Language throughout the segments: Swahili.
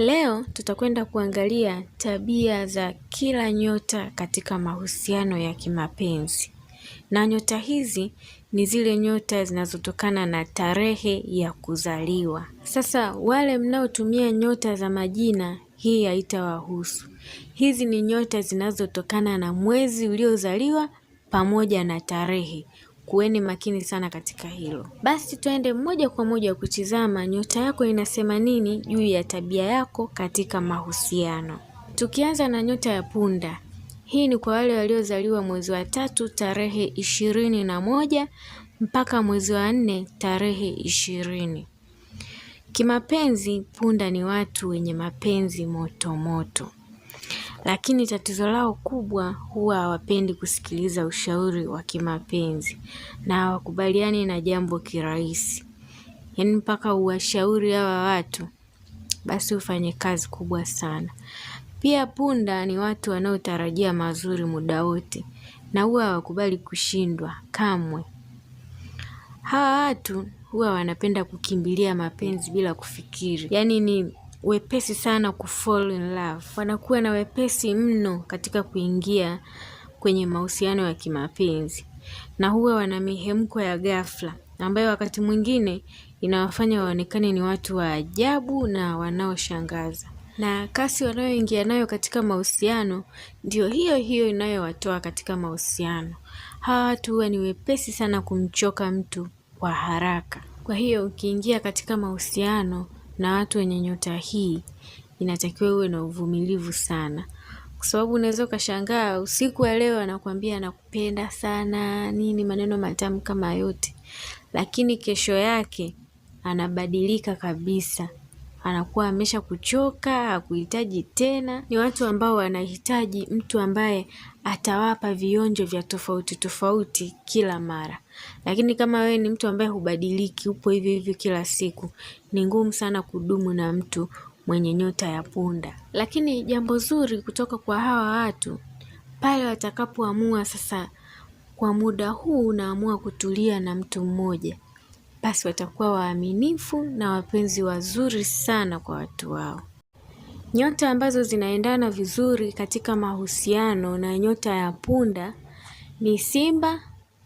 Leo tutakwenda kuangalia tabia za kila nyota katika mahusiano ya kimapenzi. Na nyota hizi ni zile nyota zinazotokana na tarehe ya kuzaliwa. Sasa wale mnaotumia nyota za majina hii haitawahusu. Hizi ni nyota zinazotokana na mwezi uliozaliwa pamoja na tarehe kuweni makini sana katika hilo. Basi tuende moja kwa moja kutizama nyota yako inasema nini juu ya tabia yako katika mahusiano, tukianza na nyota ya punda. Hii ni kwa wale waliozaliwa mwezi wa tatu tarehe ishirini na moja mpaka mwezi wa nne tarehe ishirini. Kimapenzi, punda ni watu wenye mapenzi motomoto moto. Lakini tatizo lao kubwa huwa hawapendi kusikiliza ushauri wa kimapenzi na hawakubaliani na jambo kirahisi. Yaani mpaka uwashauri hawa watu basi ufanye kazi kubwa sana. Pia punda ni watu wanaotarajia mazuri muda wote na huwa hawakubali kushindwa kamwe. Hawa watu huwa wanapenda kukimbilia mapenzi bila kufikiri. Yaani ni wepesi sana ku in love, wanakuwa na wepesi mno katika kuingia kwenye mahusiano ya kimapenzi na huwa wana mihemko ya ghafla ambayo wakati mwingine inawafanya waonekane ni watu wa ajabu na wanaoshangaza. Na kasi wanayoingia nayo katika mahusiano ndio hiyo hiyo inayowatoa katika mahusiano. Hawa watu huwa ni wepesi sana kumchoka mtu kwa haraka. Kwa hiyo ukiingia katika mahusiano na watu wenye nyota hii inatakiwa uwe na uvumilivu sana kwa sababu unaweza ukashangaa usiku wa leo anakuambia anakupenda sana nini maneno matamu kama yote lakini kesho yake anabadilika kabisa anakuwa amesha kuchoka, hakuhitaji tena. Ni watu ambao wanahitaji mtu ambaye atawapa vionjo vya tofauti tofauti kila mara. Lakini kama wewe ni mtu ambaye hubadiliki, upo hivyo hivyo kila siku, ni ngumu sana kudumu na mtu mwenye nyota ya punda. Lakini jambo zuri kutoka kwa hawa watu pale watakapoamua sasa, kwa muda huu unaamua kutulia na mtu mmoja basi watakuwa waaminifu na wapenzi wazuri sana kwa watu wao. Nyota ambazo zinaendana vizuri katika mahusiano na nyota ya punda ni Simba,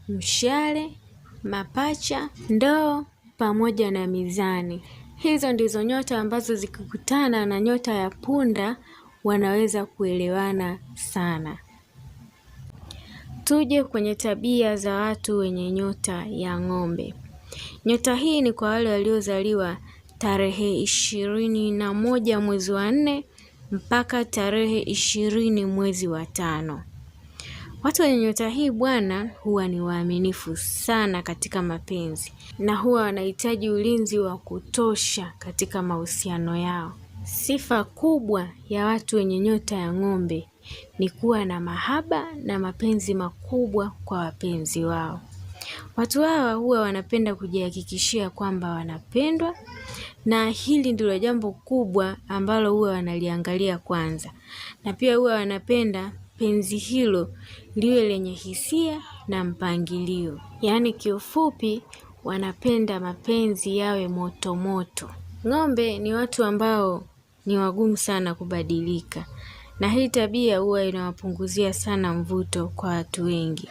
Mshale, Mapacha, Ndoo pamoja na Mizani. Hizo ndizo nyota ambazo zikikutana na nyota ya punda wanaweza kuelewana sana. Tuje kwenye tabia za watu wenye nyota ya ng'ombe. Nyota hii ni kwa wale waliozaliwa tarehe ishirini na moja mwezi wa nne mpaka tarehe ishirini mwezi wa tano. Watu wenye nyota hii bwana, huwa ni waaminifu sana katika mapenzi na huwa wanahitaji ulinzi wa kutosha katika mahusiano yao. Sifa kubwa ya watu wenye nyota ya ng'ombe ni kuwa na mahaba na mapenzi makubwa kwa wapenzi wao. Watu hawa huwa wanapenda kujihakikishia kwamba wanapendwa na hili ndilo jambo kubwa ambalo huwa wanaliangalia kwanza. Na pia huwa wanapenda penzi hilo liwe lenye hisia na mpangilio. Yaani kiufupi wanapenda mapenzi yawe moto moto. Ng'ombe ni watu ambao ni wagumu sana kubadilika. Na hii tabia huwa inawapunguzia sana mvuto kwa watu wengi.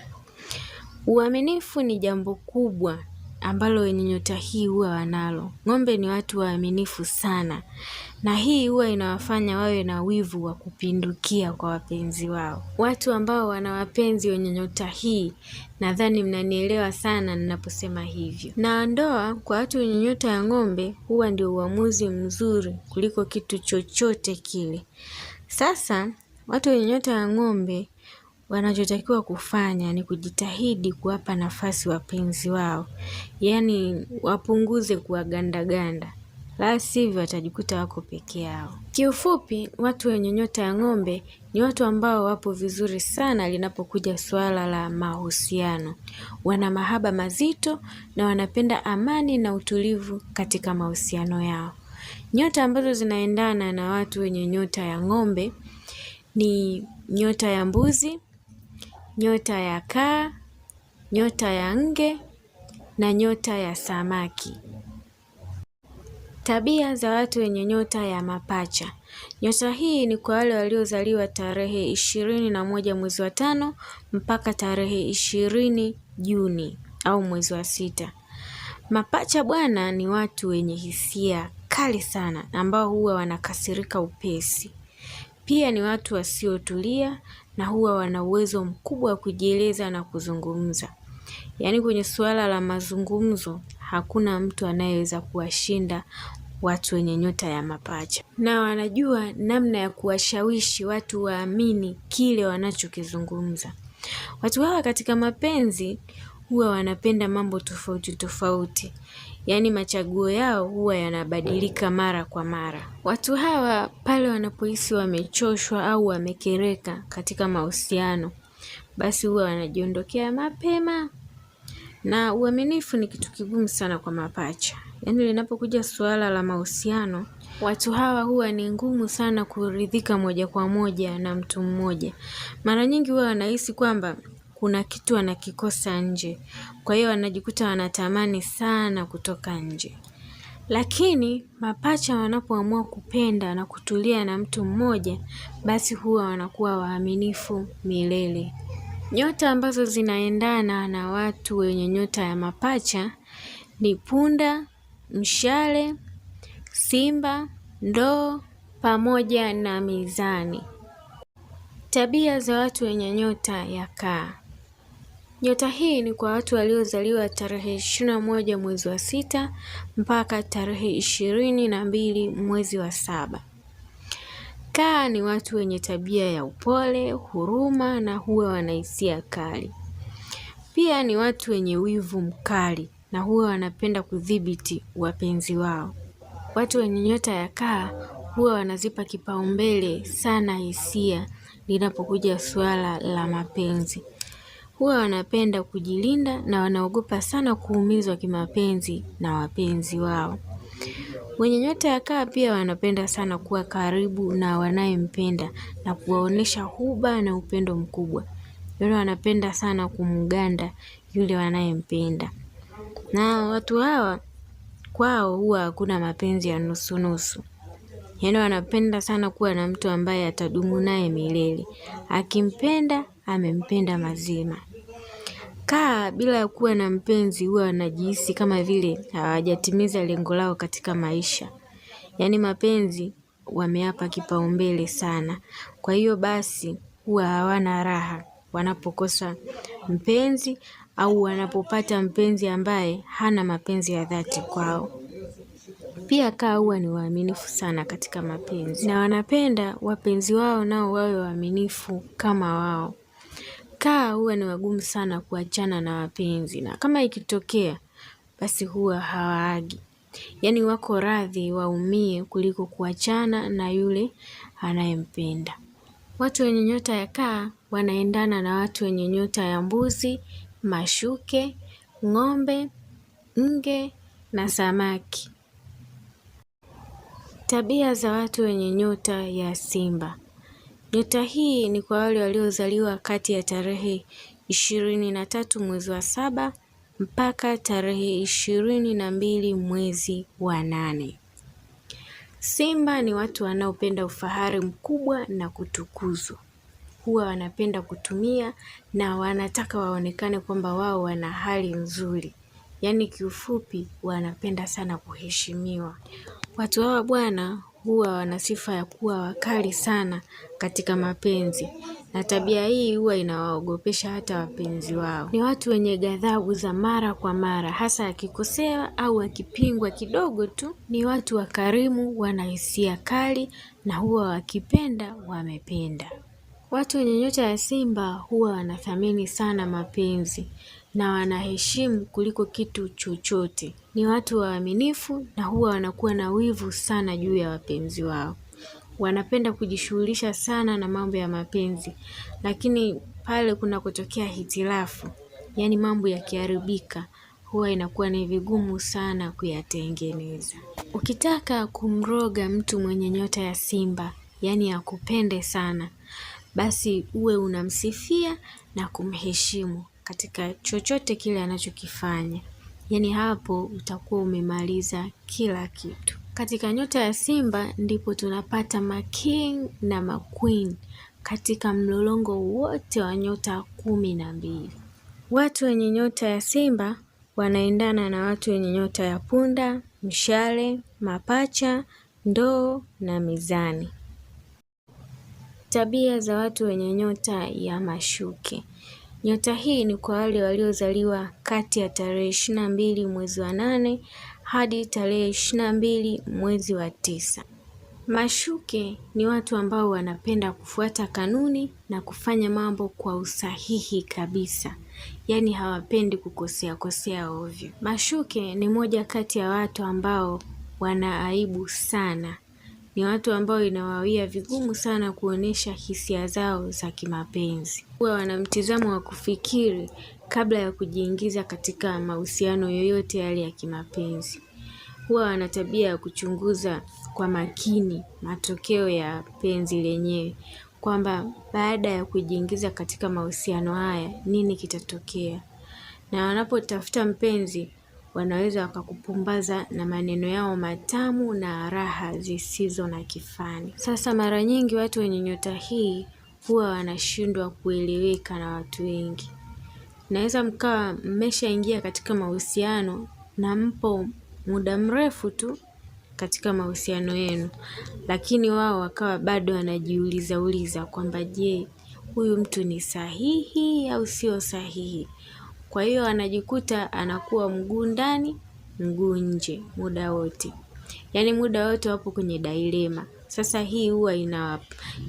Uaminifu ni jambo kubwa ambalo wenye nyota hii huwa wanalo. Ng'ombe ni watu waaminifu sana na hii huwa inawafanya wawe na wivu wa kupindukia kwa wapenzi wao. Watu ambao wana wapenzi wenye nyota hii nadhani mnanielewa sana ninaposema hivyo. Na ndoa kwa watu wenye nyota ya ng'ombe huwa ndio uamuzi mzuri kuliko kitu chochote kile. Sasa watu wenye nyota ya ng'ombe Wanachotakiwa kufanya ni kujitahidi kuwapa nafasi wapenzi wao, yaani wapunguze kuwagandaganda, la sivyo watajikuta wako peke yao. Kiufupi, watu wenye nyota ya ng'ombe ni watu ambao wapo vizuri sana linapokuja suala la mahusiano. Wana mahaba mazito na wanapenda amani na utulivu katika mahusiano yao. Nyota ambazo zinaendana na watu wenye nyota ya ng'ombe ni nyota ya mbuzi, nyota ya kaa, nyota ya nge na nyota ya samaki. Tabia za watu wenye nyota ya mapacha. Nyota hii ni kwa wale waliozaliwa tarehe ishirini na moja mwezi wa tano mpaka tarehe ishirini Juni au mwezi wa sita. Mapacha bwana, ni watu wenye hisia kali sana ambao huwa wanakasirika upesi. Pia ni watu wasiotulia na huwa wana uwezo mkubwa wa kujieleza na kuzungumza. Yaani kwenye suala la mazungumzo hakuna mtu anayeweza kuwashinda watu wenye nyota ya mapacha. Na wanajua namna ya kuwashawishi watu waamini kile wanachokizungumza. Watu hawa katika mapenzi huwa wanapenda mambo tofauti tofauti yaani machaguo yao huwa yanabadilika mara kwa mara. Watu hawa pale wanapohisi wamechoshwa au wamekereka katika mahusiano, basi huwa wanajiondokea mapema. Na uaminifu ni kitu kigumu sana kwa mapacha. Yaani linapokuja suala la mahusiano, watu hawa huwa ni ngumu sana kuridhika moja kwa moja na mtu mmoja. Mara nyingi huwa wanahisi kwamba kuna kitu wanakikosa nje, kwa hiyo wanajikuta wanatamani sana kutoka nje. Lakini mapacha wanapoamua kupenda na kutulia na mtu mmoja, basi huwa wanakuwa waaminifu milele. Nyota ambazo zinaendana na watu wenye nyota ya mapacha ni punda, mshale, simba, ndoo pamoja na mizani. Tabia za watu wenye nyota ya kaa. Nyota hii ni kwa watu waliozaliwa tarehe ishirini na moja mwezi wa sita mpaka tarehe ishirini na mbili mwezi wa saba. Kaa ni watu wenye tabia ya upole, huruma na huwa wanahisia kali. Pia ni watu wenye wivu mkali na huwa wanapenda kudhibiti wapenzi wao. Watu wenye nyota ya kaa huwa wanazipa kipaumbele sana hisia linapokuja suala la mapenzi huwa wanapenda kujilinda na wanaogopa sana kuumizwa kimapenzi na wapenzi wao. Wenye nyota ya kaa pia wanapenda sana kuwa karibu na wanayempenda na kuwaonesha huba na upendo mkubwa. Yaani wanapenda sana kumganda yule wanayempenda. Na watu hawa kwao huwa hakuna mapenzi ya nusu nusu. Yaani wanapenda sana kuwa na mtu ambaye atadumu naye milele. Akimpenda amempenda mazima. Kaa bila ya kuwa na mpenzi huwa anajihisi kama vile hawajatimiza lengo lao katika maisha. Yaani mapenzi wameapa kipaumbele sana. Kwa hiyo basi huwa hawana raha. Wanapokosa mpenzi au wanapopata mpenzi ambaye hana mapenzi ya dhati kwao. Pia kaa huwa ni waaminifu sana katika mapenzi. Na wanapenda wapenzi wao nao wawe waaminifu kama wao ikikaa huwa ni wagumu sana kuachana na wapenzi na kama ikitokea basi huwa hawaagi. Yaani wako radhi waumie kuliko kuachana na yule anayempenda. Watu wenye nyota ya kaa wanaendana na watu wenye nyota ya mbuzi, mashuke, ng'ombe, nge na samaki. Tabia za watu wenye nyota ya simba. Nyota hii ni kwa wale waliozaliwa kati ya tarehe ishirini na tatu mwezi wa saba mpaka tarehe ishirini na mbili mwezi wa nane. Simba ni watu wanaopenda ufahari mkubwa na kutukuzwa, huwa wanapenda kutumia na wanataka waonekane kwamba wao wana hali nzuri, yaani kiufupi wanapenda sana kuheshimiwa. Watu hawa bwana huwa wana sifa ya kuwa wakali sana katika mapenzi na tabia hii huwa inawaogopesha hata wapenzi wao. Ni watu wenye ghadhabu za mara kwa mara, hasa akikosewa au akipingwa kidogo tu. Ni watu wakarimu, wana hisia kali na huwa wakipenda wamependa. Watu wenye nyota ya Simba huwa wanathamini sana mapenzi na wanaheshimu kuliko kitu chochote ni watu waaminifu na huwa wanakuwa na wivu sana juu ya wapenzi wao. Wanapenda kujishughulisha sana na mambo ya mapenzi. Lakini pale kutokea hitilafu, yaani mambo yakiharibika, huwa inakuwa ni vigumu sana kuyatengeneza. Ukitaka kumroga mtu mwenye nyota ya Simba, yaani akupende sana, basi uwe unamsifia na kumheshimu katika chochote kile anachokifanya yaani hapo utakuwa umemaliza kila kitu. Katika nyota ya Simba ndipo tunapata making na maqueen katika mlolongo wote wa nyota kumi na mbili. Watu wenye nyota ya Simba wanaendana na watu wenye nyota ya punda, mshale, mapacha, ndoo na mizani. Tabia za watu wenye nyota ya mashuke. Nyota hii ni kwa wale waliozaliwa kati ya tarehe ishirini na mbili mwezi wa nane hadi tarehe ishirini na mbili mwezi wa tisa. Mashuke ni watu ambao wanapenda kufuata kanuni na kufanya mambo kwa usahihi kabisa, yaani hawapendi kukosea kosea ovyo. Mashuke ni moja kati ya watu ambao wana aibu sana, ni watu ambao inawawia vigumu sana kuonyesha hisia zao za kimapenzi. Huwa wana mtizamo wa kufikiri kabla ya kujiingiza katika mahusiano yoyote yale ya kimapenzi. Huwa wana tabia ya kuchunguza kwa makini matokeo ya penzi lenyewe kwamba baada ya kujiingiza katika mahusiano haya nini kitatokea. Na wanapotafuta mpenzi wanaweza wakakupumbaza na maneno yao matamu na raha zisizo na kifani. Sasa mara nyingi watu wenye nyota hii huwa wanashindwa kueleweka na watu wengi. Naweza mkawa mmeshaingia katika mahusiano na mpo muda mrefu tu katika mahusiano yenu, lakini wao wakawa bado wanajiuliza uliza kwamba je, huyu mtu ni sahihi au sio sahihi? Kwa hiyo anajikuta anakuwa mguu ndani mguu nje muda wote, yaani muda wote wapo kwenye dailema. Sasa hii huwa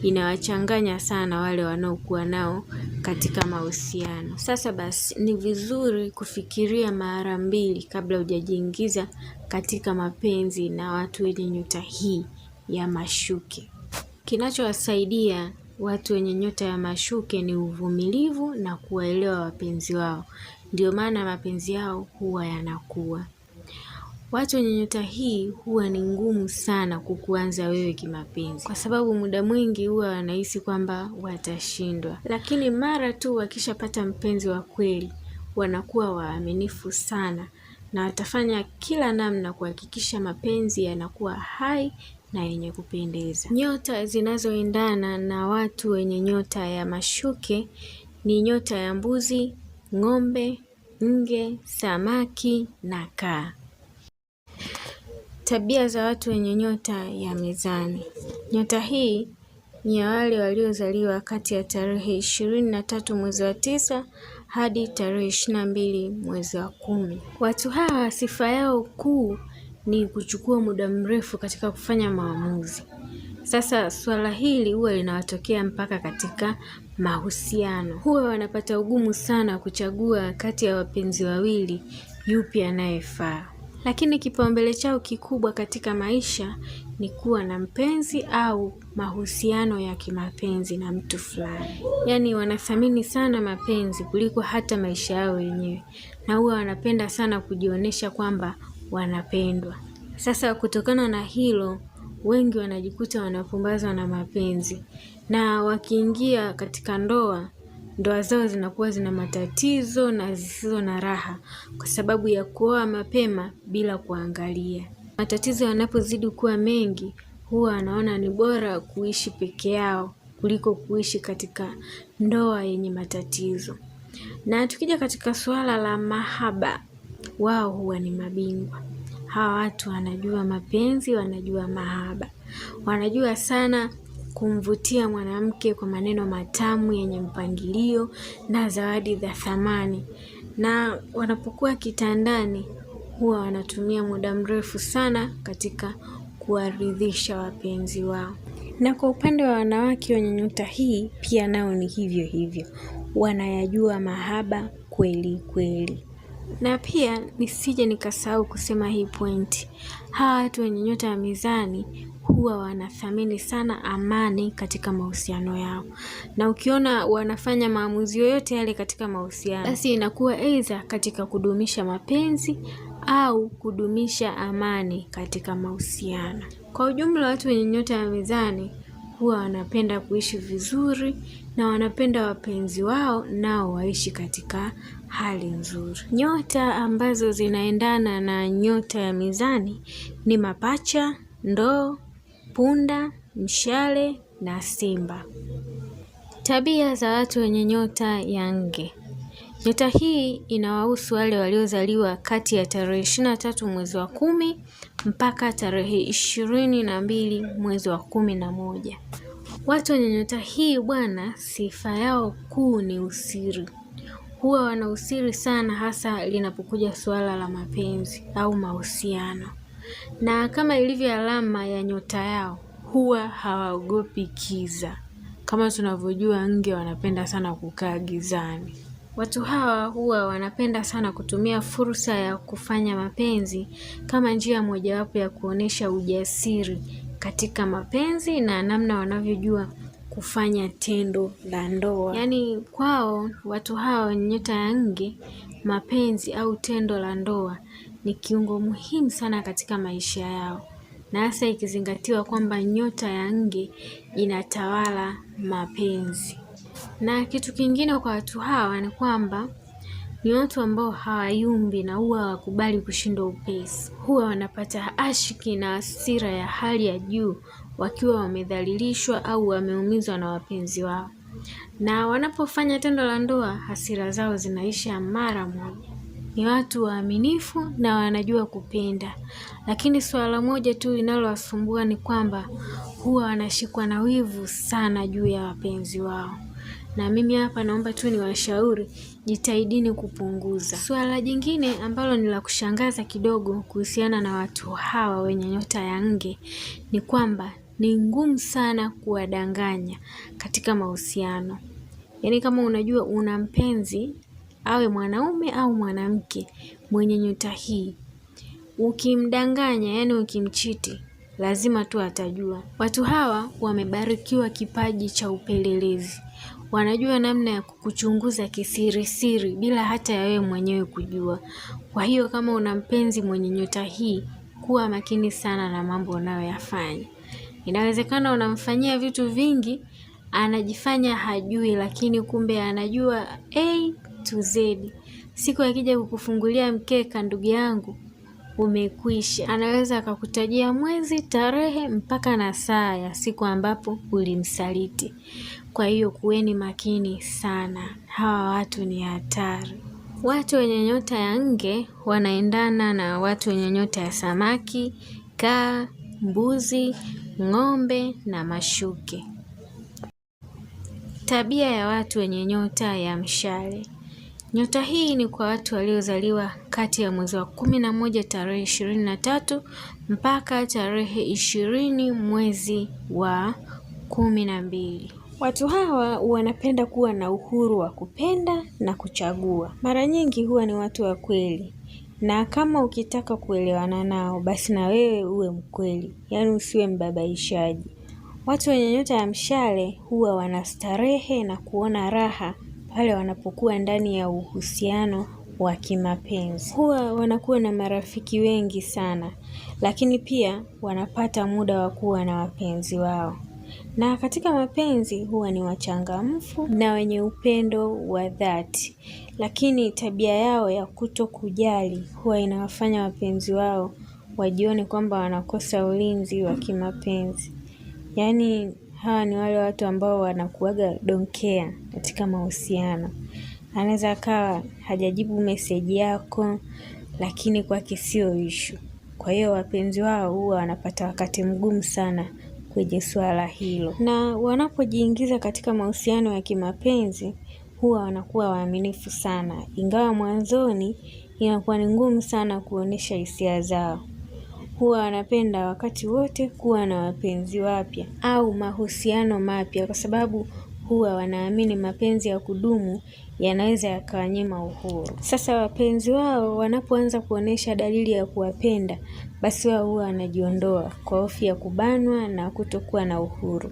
inawachanganya sana wale wanaokuwa nao katika mahusiano. Sasa basi ni vizuri kufikiria mara mbili kabla hujajiingiza katika mapenzi na watu wenye nyota hii ya mashuke. Kinachowasaidia watu wenye nyota ya mashuke ni uvumilivu na kuwaelewa wapenzi wao ndio maana mapenzi yao huwa yanakuwa. Watu wenye nyota hii huwa ni ngumu sana kukuanza wewe kimapenzi, kwa sababu muda mwingi huwa wanahisi kwamba watashindwa, lakini mara tu wakishapata mpenzi wa kweli wanakuwa waaminifu sana na watafanya kila namna kuhakikisha mapenzi yanakuwa hai na yenye kupendeza. Nyota zinazoendana na watu wenye nyota ya mashuke ni nyota ya mbuzi ng'ombe, nge, samaki na kaa. Tabia za watu wenye nyota ya mezani. Nyota hii ni ya wale waliozaliwa kati ya tarehe ishirini na tatu mwezi wa tisa hadi tarehe ishirini na mbili mwezi wa kumi. Watu hawa sifa yao kuu ni kuchukua muda mrefu katika kufanya maamuzi. Sasa suala hili huwa linawatokea mpaka katika Mahusiano huwa wanapata ugumu sana wa kuchagua kati ya wapenzi wawili yupi anayefaa, lakini kipaumbele chao kikubwa katika maisha ni kuwa na mpenzi au mahusiano ya kimapenzi na mtu fulani. Yaani wanathamini sana mapenzi kuliko hata maisha yao wenyewe, na huwa wanapenda sana kujionyesha kwamba wanapendwa. Sasa kutokana na hilo wengi wanajikuta wanapumbazwa na mapenzi na wakiingia katika ndoa ndoa zao zinakuwa zina matatizo na zisizo na raha kwa sababu ya kuoa mapema bila kuangalia. Matatizo yanapozidi kuwa mengi, huwa anaona ni bora kuishi peke yao kuliko kuishi katika ndoa yenye matatizo. Na tukija katika suala la mahaba, wao huwa ni mabingwa hawa watu wanajua mapenzi, wanajua mahaba, wanajua sana kumvutia mwanamke kwa maneno matamu yenye mpangilio na zawadi za thamani. Na wanapokuwa kitandani, huwa wanatumia muda mrefu sana katika kuwaridhisha wapenzi wao. Na kwa upande wa wanawake wenye nyota hii, pia nao ni hivyo hivyo, wanayajua mahaba kweli kweli na pia nisije nikasahau kusema hii pointi, hawa watu wenye nyota ya mizani huwa wanathamini sana amani katika mahusiano yao, na ukiona wanafanya maamuzi yoyote yale katika mahusiano, basi inakuwa aidha katika kudumisha mapenzi au kudumisha amani katika mahusiano. Kwa ujumla, watu wenye nyota ya mizani huwa wanapenda kuishi vizuri na wanapenda wapenzi wao nao waishi katika hali nzuri. Nyota ambazo zinaendana na nyota ya mizani ni mapacha, ndoo, punda, mshale na simba. Tabia za watu wenye nyota ya nge. Nyota hii inawahusu wale waliozaliwa kati ya tarehe ishirini na tatu mwezi wa kumi mpaka tarehe ishirini na mbili mwezi wa kumi na moja. Watu wenye nyota hii bwana, sifa yao kuu ni usiri huwa wana usiri sana hasa linapokuja suala la mapenzi au mahusiano, na kama ilivyo alama ya nyota yao huwa hawaogopi kiza. Kama tunavyojua nge wanapenda sana kukaa gizani. Watu hawa huwa wanapenda sana kutumia fursa ya kufanya mapenzi kama njia mojawapo ya kuonesha ujasiri katika mapenzi na namna wanavyojua kufanya tendo la ndoa. Yaani kwao watu hao wenye nyota ya nge, mapenzi au tendo la ndoa ni kiungo muhimu sana katika maisha yao, na hasa ikizingatiwa kwamba nyota ya nge inatawala mapenzi. Na kitu kingine kwa watu hawa ni kwamba ni watu ambao hawayumbi na huwa hawakubali kushindwa upesi, huwa wanapata ashiki na hasira ya hali ya juu wakiwa wamedhalilishwa au wameumizwa na wapenzi wao, na wanapofanya tendo la ndoa hasira zao zinaisha mara moja. Ni watu waaminifu na wanajua kupenda, lakini suala moja tu linalowasumbua ni kwamba huwa wanashikwa na wivu sana juu ya wapenzi wao na mimi hapa naomba tu niwashauri, jitahidini kupunguza. Suala jingine ambalo ni la kushangaza kidogo kuhusiana na watu hawa wenye nyota ya nge ni kwamba ni ngumu sana kuwadanganya katika mahusiano. Yaani kama unajua una mpenzi awe mwanaume au mwanamke mwenye nyota hii ukimdanganya, yaani ukimchiti lazima tu atajua. Watu hawa wamebarikiwa kipaji cha upelelezi, wanajua namna ya kukuchunguza kisirisiri bila hata ya wewe mwenyewe kujua. Kwa hiyo kama una mpenzi mwenye nyota hii, kuwa makini sana na mambo unayoyafanya. Inawezekana unamfanyia vitu vingi anajifanya hajui, lakini kumbe anajua A to Z. Siku akija kukufungulia mkeka, ndugu yangu, umekwisha. Anaweza akakutajia mwezi, tarehe, mpaka na saa ya siku ambapo ulimsaliti. Kwa hiyo kuweni makini sana, hawa watu ni hatari. Watu wenye nyota ya nge wanaendana na watu wenye nyota ya samaki, kaa mbuzi, ng'ombe na mashuke. Tabia ya watu wenye nyota ya mshale. Nyota hii ni kwa watu waliozaliwa kati ya mwezi wa kumi na moja tarehe ishirini na tatu mpaka tarehe ishirini mwezi wa kumi na mbili. Watu hawa wanapenda kuwa na uhuru wa kupenda na kuchagua. Mara nyingi huwa ni watu wa kweli na kama ukitaka kuelewana nao basi na wewe uwe mkweli, yaani usiwe mbabaishaji. Watu wenye nyota ya mshale huwa wanastarehe na kuona raha pale wanapokuwa ndani ya uhusiano wa kimapenzi. Huwa wanakuwa na marafiki wengi sana, lakini pia wanapata muda wa kuwa na wapenzi wao na katika mapenzi huwa ni wachangamfu na wenye upendo wa dhati, lakini tabia yao ya kuto kujali huwa inawafanya wapenzi wao wajione kwamba wanakosa ulinzi wa kimapenzi. Yaani hawa ni wale watu ambao wanakuaga donkea katika mahusiano. Anaweza akawa hajajibu meseji yako, lakini kwake sio ishu. Kwa hiyo wapenzi wao huwa wanapata wakati mgumu sana kwenye suala hilo, na wanapojiingiza katika mahusiano ya kimapenzi huwa wanakuwa waaminifu sana, ingawa mwanzoni inakuwa ni ngumu sana kuonyesha hisia zao. Huwa wanapenda wakati wote kuwa na wapenzi wapya au mahusiano mapya, kwa sababu huwa wanaamini mapenzi ya kudumu yanaweza yakawanyima uhuru. Sasa wapenzi wao wanapoanza kuonyesha dalili ya kuwapenda, basi wao huwa wanajiondoa kwa hofu ya kubanwa na kutokuwa na uhuru.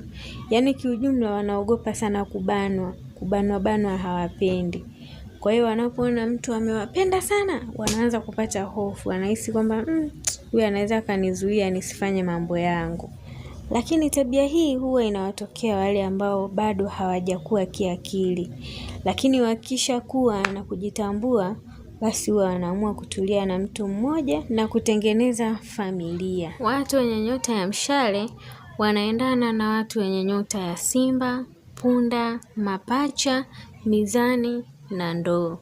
Yaani kiujumla wanaogopa sana kubanwa, kubanwa banwa hawapendi. Kwa hiyo wanapoona mtu amewapenda sana, wanaanza kupata hofu, wanahisi kwamba mm, huyu anaweza akanizuia nisifanye mambo yangu. Lakini tabia hii huwa inawatokea wale ambao bado hawajakuwa kiakili, lakini wakisha kuwa na kujitambua basi huwa wanaamua kutulia na mtu mmoja na kutengeneza familia. Watu wenye nyota ya mshale wanaendana na watu wenye nyota ya simba, punda, mapacha, mizani na ndoo.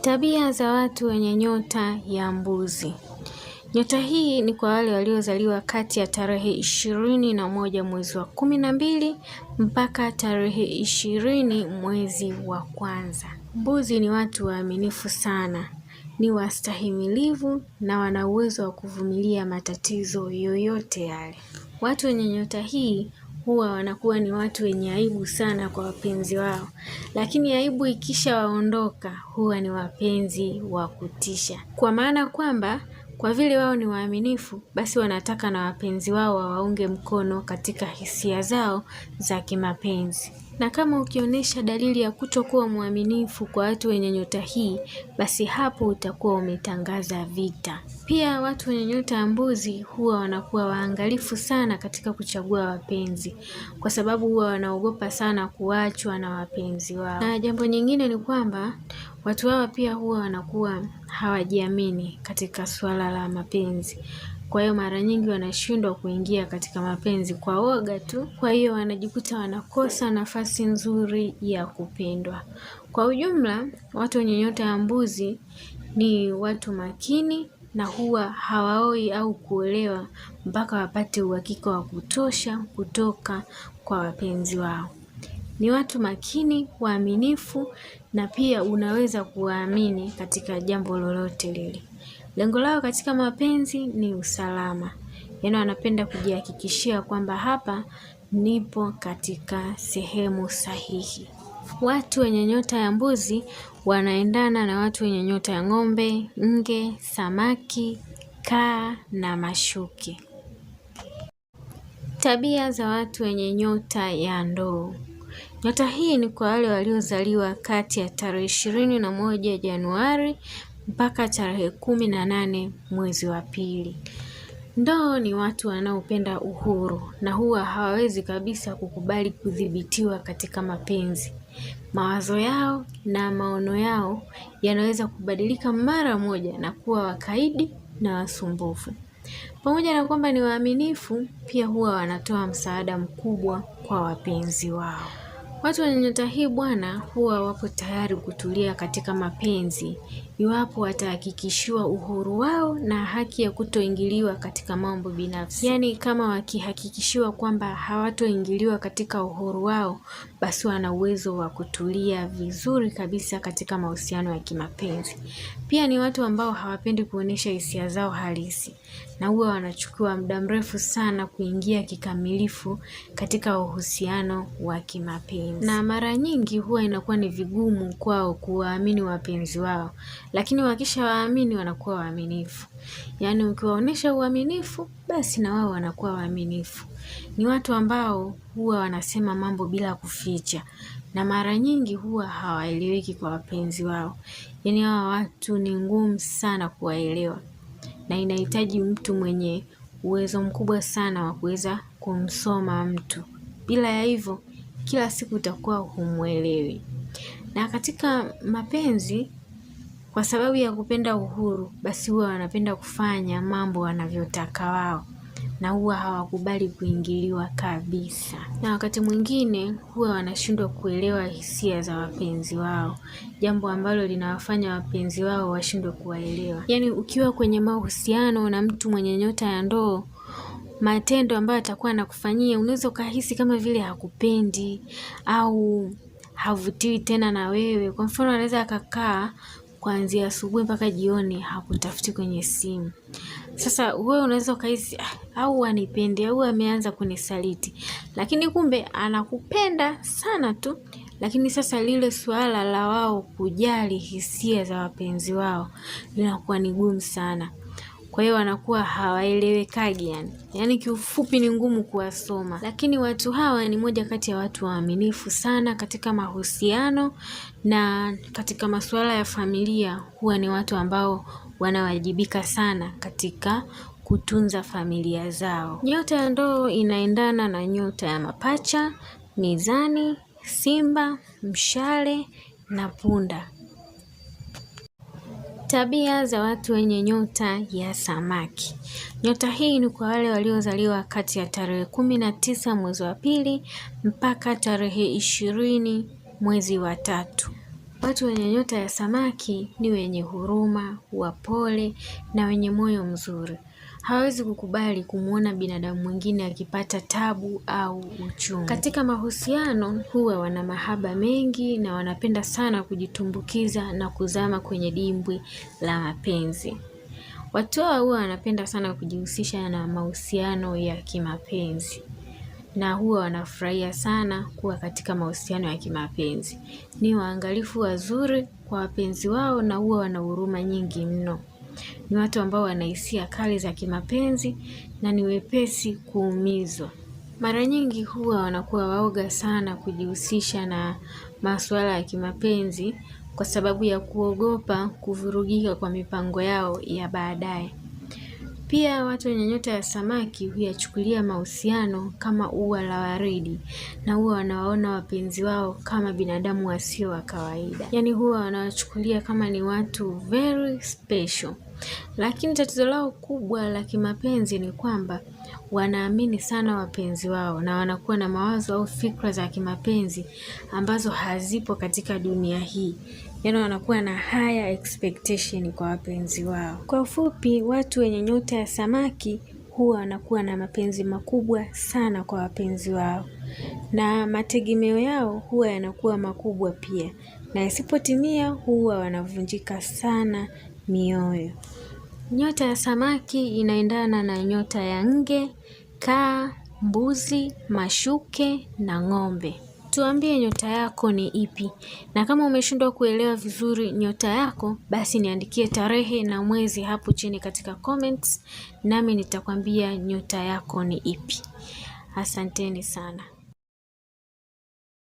Tabia za watu wenye nyota ya mbuzi. Nyota hii ni kwa wale waliozaliwa kati ya tarehe ishirini na moja mwezi wa kumi na mbili mpaka tarehe ishirini mwezi wa kwanza. Mbuzi ni watu waaminifu sana ni wastahimilivu na wana uwezo wa kuvumilia matatizo yoyote yale. Watu wenye nyota hii huwa wanakuwa ni watu wenye aibu sana kwa wapenzi wao, lakini aibu ikishawaondoka huwa ni wapenzi wa kutisha, kwa maana kwamba kwa vile wao ni waaminifu, basi wanataka na wapenzi wao wawaunge mkono katika hisia zao za kimapenzi na kama ukionyesha dalili ya kutokuwa mwaminifu kwa watu wenye nyota hii, basi hapo utakuwa umetangaza vita. Pia watu wenye nyota ya mbuzi huwa wanakuwa waangalifu sana katika kuchagua wapenzi, kwa sababu huwa wanaogopa sana kuachwa na wapenzi wao. Na jambo nyingine ni kwamba watu hawa pia huwa wanakuwa hawajiamini katika suala la mapenzi, kwa hiyo mara nyingi wanashindwa kuingia katika mapenzi kwa woga tu, kwa hiyo wanajikuta wanakosa nafasi nzuri ya kupendwa. Kwa ujumla, watu wenye nyota ya mbuzi ni watu makini na huwa hawaoi au kuolewa mpaka wapate uhakika wa kutosha kutoka kwa wapenzi wao. Ni watu makini, waaminifu na pia unaweza kuwaamini katika jambo lolote lile. Lengo lao katika mapenzi ni usalama, yaani wanapenda kujihakikishia kwamba hapa nipo katika sehemu sahihi. Watu wenye nyota ya mbuzi wanaendana na watu wenye nyota ya ng'ombe, nge, samaki, kaa na mashuke. Tabia za watu wenye nyota ya ndoo. Nyota hii ni kwa wale waliozaliwa kati ya tarehe ishirini na moja Januari mpaka tarehe kumi na nane mwezi wa pili. Ndoo ni watu wanaopenda uhuru na huwa hawawezi kabisa kukubali kudhibitiwa katika mapenzi. Mawazo yao na maono yao yanaweza kubadilika mara moja na kuwa wakaidi na wasumbufu. Pamoja na kwamba ni waaminifu, pia huwa wanatoa msaada mkubwa kwa wapenzi wao. Watu wenye nyota hii bwana, huwa wapo tayari kutulia katika mapenzi iwapo watahakikishiwa uhuru wao na haki ya kutoingiliwa katika mambo binafsi. Yaani, kama wakihakikishiwa kwamba hawatoingiliwa katika uhuru wao, basi wana uwezo wa kutulia vizuri kabisa katika mahusiano ya kimapenzi. Pia ni watu ambao hawapendi kuonyesha hisia zao halisi na huwa wanachukua muda mrefu sana kuingia kikamilifu katika uhusiano wa kimapenzi, na mara nyingi huwa inakuwa ni vigumu kwao kuwaamini wapenzi wao lakini wakisha waamini wanakuwa waaminifu. Yaani ukiwaonesha uaminifu, basi na wao wanakuwa waaminifu. Ni watu ambao huwa wanasema mambo bila kuficha, na mara nyingi huwa hawaeleweki kwa wapenzi wao. Yaani hawa watu ni ngumu sana kuwaelewa, na inahitaji mtu mwenye uwezo mkubwa sana wa kuweza kumsoma mtu. Bila ya hivyo, kila siku utakuwa humwelewi. Na katika mapenzi kwa sababu ya kupenda uhuru, basi huwa wanapenda kufanya mambo wanavyotaka wao na huwa hawakubali kuingiliwa kabisa, na wakati mwingine huwa wanashindwa kuelewa hisia za wapenzi wao, jambo ambalo linawafanya wapenzi wao washindwe kuwaelewa. Yaani, ukiwa kwenye mahusiano na mtu mwenye nyota ya ndoo, matendo ambayo atakuwa anakufanyia unaweza ukahisi kama vile hakupendi au havutiwi tena na wewe. Kwa mfano, anaweza akakaa kuanzia asubuhi mpaka jioni hakutafuti kwenye simu. Sasa wewe unaweza ukahisi ah, au anipende au ameanza kunisaliti, lakini kumbe anakupenda sana tu. Lakini sasa lile suala la wao kujali hisia za wapenzi wao linakuwa ni gumu sana kwa hiyo wanakuwa hawaelewekagi yani, Yani kiufupi ni ngumu kuwasoma. Lakini watu hawa ni moja kati ya watu waaminifu sana katika mahusiano na katika masuala ya familia, huwa ni watu ambao wanawajibika sana katika kutunza familia zao. Nyota ya ndoo inaendana na nyota ya mapacha, mizani, simba, mshale na punda. Tabia za watu wenye nyota ya samaki. Nyota hii ni kwa wale waliozaliwa kati ya tarehe kumi na tisa mwezi wa pili mpaka tarehe ishirini mwezi wa tatu. Watu wenye nyota ya samaki ni wenye huruma, wapole na wenye moyo mzuri hawezi kukubali kumwona binadamu mwingine akipata tabu au uchungu. Katika mahusiano huwa wana mahaba mengi na wanapenda sana kujitumbukiza na kuzama kwenye dimbwi la mapenzi. Watu hawa huwa wanapenda sana kujihusisha na mahusiano ya kimapenzi na huwa wanafurahia sana kuwa katika mahusiano ya kimapenzi. Ni waangalifu wazuri kwa wapenzi wao na huwa wana huruma nyingi mno ni watu ambao wanahisia kali za kimapenzi na ni wepesi kuumizwa. Mara nyingi huwa wanakuwa waoga sana kujihusisha na masuala ya kimapenzi kwa sababu ya kuogopa kuvurugika kwa mipango yao ya baadaye. Pia watu wenye nyota ya samaki huyachukulia mahusiano kama ua la waridi na huwa wanawaona wapenzi wao kama binadamu wasio wa kawaida, yaani huwa wanawachukulia kama ni watu very special. Lakini tatizo lao kubwa la kimapenzi ni kwamba wanaamini sana wapenzi wao na wanakuwa na mawazo au fikra za kimapenzi ambazo hazipo katika dunia hii yani wanakuwa na higher expectation kwa wapenzi wao. Kwa ufupi, watu wenye nyota ya samaki huwa wanakuwa na mapenzi makubwa sana kwa wapenzi wao, na mategemeo yao huwa yanakuwa makubwa pia, na isipotimia huwa wanavunjika sana mioyo. Nyota ya samaki inaendana na nyota ya nge, kaa, mbuzi, mashuke na ng'ombe. Tuambie nyota yako ni ipi, na kama umeshindwa kuelewa vizuri nyota yako, basi niandikie tarehe na mwezi hapo chini katika comments, nami nitakwambia nyota yako ni ipi. Asanteni sana.